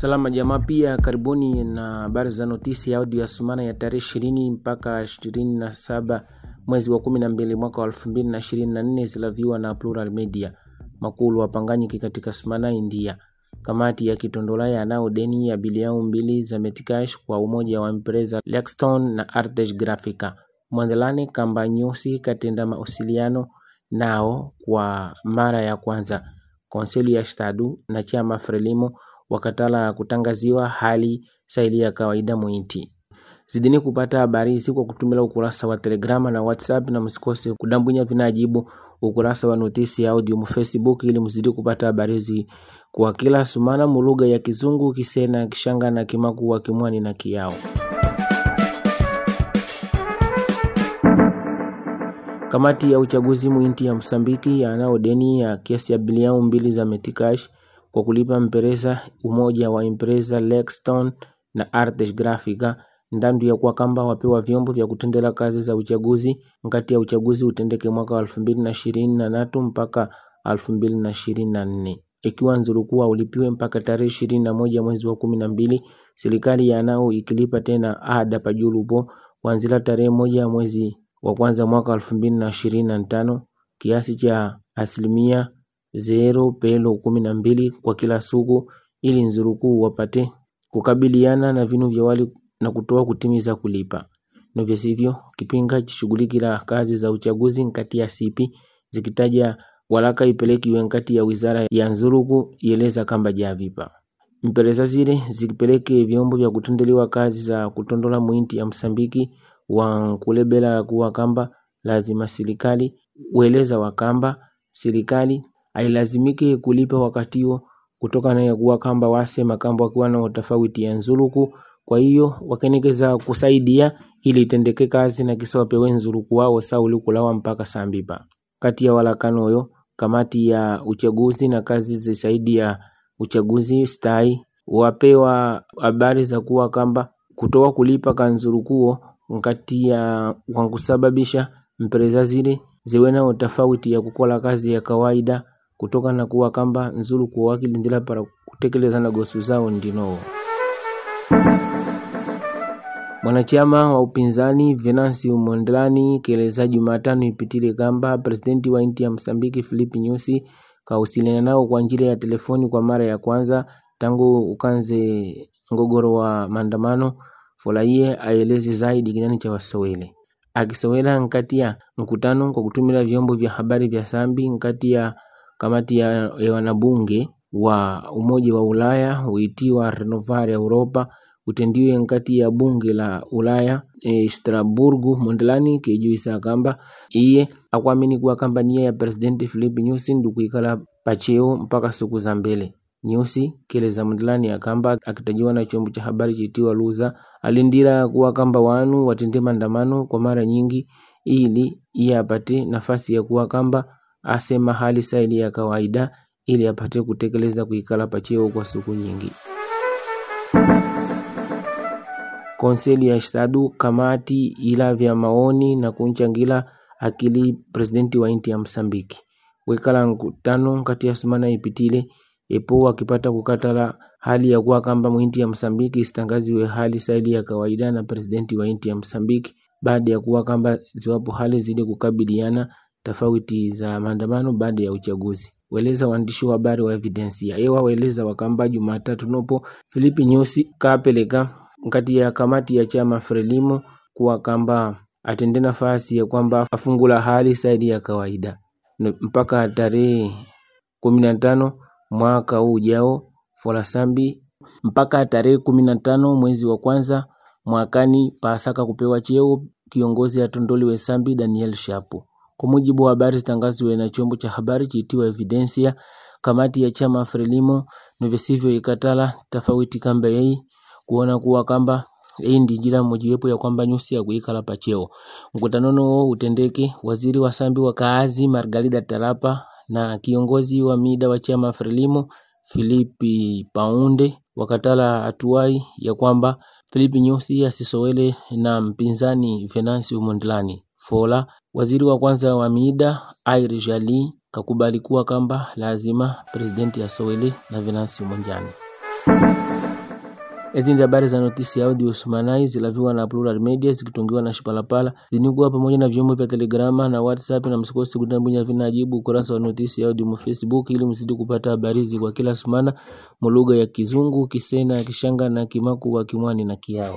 salama jamaa pia karibuni na habari za notisi ya audio ya sumana ya tarehe ishirini mpaka ishirini na saba mwezi wa kumi na mbili mwaka wa elfu mbili na ishirini na nne zilaviwa na plural media makulu wapanganyiki katika sumana india kamati ya kitondolaya nao deni ya biliau mbili za metikash kwa umoja wa mpreza lexton na artesh grafica mwandelane kamba nyusi katenda mausiliano nao kwa mara ya kwanza konseli ya shtadu na chama frelimo wakatala kutangaziwa hali saili ya kawaida Mwiti. Zidini kupata habari hizi kwa kutumila ukurasa wa Telegrama na WhatsApp, na msikose kudambunya vinajibu ukurasa wa notisi ya audio mu Facebook ili mzidi kupata habari hizi kwa kila sumana mulugha ya Kizungu, Kisena, Kishanga na wa Kimwani na Kiyao. Kamati ya uchaguzi mwinti ya Msambiki yanao deni ya kiasi ya bilioni mbili za metikash kwa kulipa mpereza umoja wa impresa Lexington na Artes grafica ndandu ya kuwa kamba wapewa vyombo vya kutendela kazi za uchaguzi ngati ya uchaguzi utendeke mwaka wa elfu mpaka 2024 ikiwa nzurukuwa ulipiwe mpaka tarehe 21 mwezi wa 12 serikali ya nao ikilipa tena ada pajulupo kuanzia tarehe moja mwezi wa kwanza mwaka 2025 kiasi cha asilimia zero pelo kumi na mbili kwa kila suku ili nzurukuu wapate kukabiliana na vinu vya wali na kutoa kutimiza kulipa na vya sivyo kipinga shughuli kazi za uchaguzi nkati ya sipi zikitaja walaka ipelekiwe nkati ya wizara ya nzuruku ieleza kamba javipa mpeleza zile zikipeleke vyombo vya kutendeliwa kazi za kutondola mwinti ya Msambiki wa nkulebela kuwa kamba lazima serikali weleza wakamba sirikali ailazimike kulipa wakati huo kutokana na kuwa kamba wase makambo akiwa na utofauti ya nzuluku. Kwa hiyo wakenekeza kusaidia ili itendeke kazi na kisa wapewe nzuluku wao saa ulikulawa mpaka sambipa kati ya walakanoyo kamati ya uchaguzi na kazi zisaidi ya uchaguzi stai wapewa habari za kuwa kamba kutoa kulipa kanzurukuo nkati ya kwa kusababisha mpereza zile ziwe na utofauti ya kukola kazi ya kawaida na kuwa kamba nzulu kuwakilindira para na gosu zao ndinowo mwanachama wa upinzani venansi umondlani keleza jumatano ipitile kamba presidenti wa inti ya msambiki filipi nyusi kawasiliana nao kwa njira ya telefoni kwa mara ya kwanza tangu ukanze ngogoro wa maandamano folaiye aeleze zaidi kinani cha wasowele akisowela nkati ya mkutano kwa kutumila vyombo vya habari vya sambi nkati ya Kamati ya wanabunge wa Umoja wa Ulaya huitiwa Renovar Europa utendiwe nkati ya bunge la Ulaya e, Strasburgu mondelani kejuisa kamba iye akwamini kuwa kampaniya ya presidenti Philip Nyusi ndikuikala pacheo mpaka siku za mbele Nyusi keleza mondlani akamba akitajiwa na chombo cha habari chitiwa Luza alindira kuwa kamba wanu watende maandamano kwa mara nyingi ili iye apate nafasi ya kuwa kamba asema hali saili ya kawaida ili apate kutekeleza kuikala pacheo kwa siku nyingi. Konseli shtadu kamati ila vya maoni na kunchangila akili presidenti wa inti ya Msambiki wekala nkutano kati ya sumana ipitile epo akipata kukatala hali ya kuwa kamba mwinti ya Msambiki isitangaziwe hali saili ya kawaida na presidenti wa inti ya Msambiki baada ya kuwa kamba ziwapo hali zile kukabiliana tofauti za maandamano baada ya uchaguzi, weleza waandishi wa habari wa Evidence ya weleza waeleza wakamba Jumatatu nopo Filipi Nyusi kapeleka nkati ya kamati ya chama Frelimo kuwa kamba atende nafasi ya kwamba afungula hali saidi ya kawaida mpaka tarehe kumi na tano mwaka huu ujao Forasambi mpaka tarehe kumi na tano mwezi wa kwanza mwakani pasaka kupewa cheo kiongozi atondoliwe Sambi Daniel Shapo. Kwa mujibu wa habari zitangaziwe na chombo cha habari chiitiwa Evidensia, kamati ya chama Frelimo novesivyo ikatala tafawuti kamba yei kuona kuwa kamba hii ndi njira mojiwepo ya kwamba nyusi ya kuikala pacheo mkutanono wo utendeke waziri wa sambi wa kaazi Margarida Tarapa na kiongozi wa mida wa chama Frelimo Filipi Paunde wakatala atuai ya kwamba Filipi Nyusi asisowele na mpinzani Venansi Mondlane. Fola, waziri wa kwanza wa Miida Irish Jali, kakubali kuwa kamba lazima presidenti Soweli na Venansi Umanjani. Ezi ndi habari za notisi ya audio sumanai zilaviwa na Plural Media zikitungiwa na Shipalapala zinikuwa pamoja na vyombo vya Telegrama na WhatsApp, na msikose kutambunya vinajibu ukurasa wa notisi ya audio mu Facebook ili mzidi kupata habari hizi kwa kila sumana mu lugha ya Kizungu, Kisena, Kishanga na Kimaku wa Kimwani na Kiao.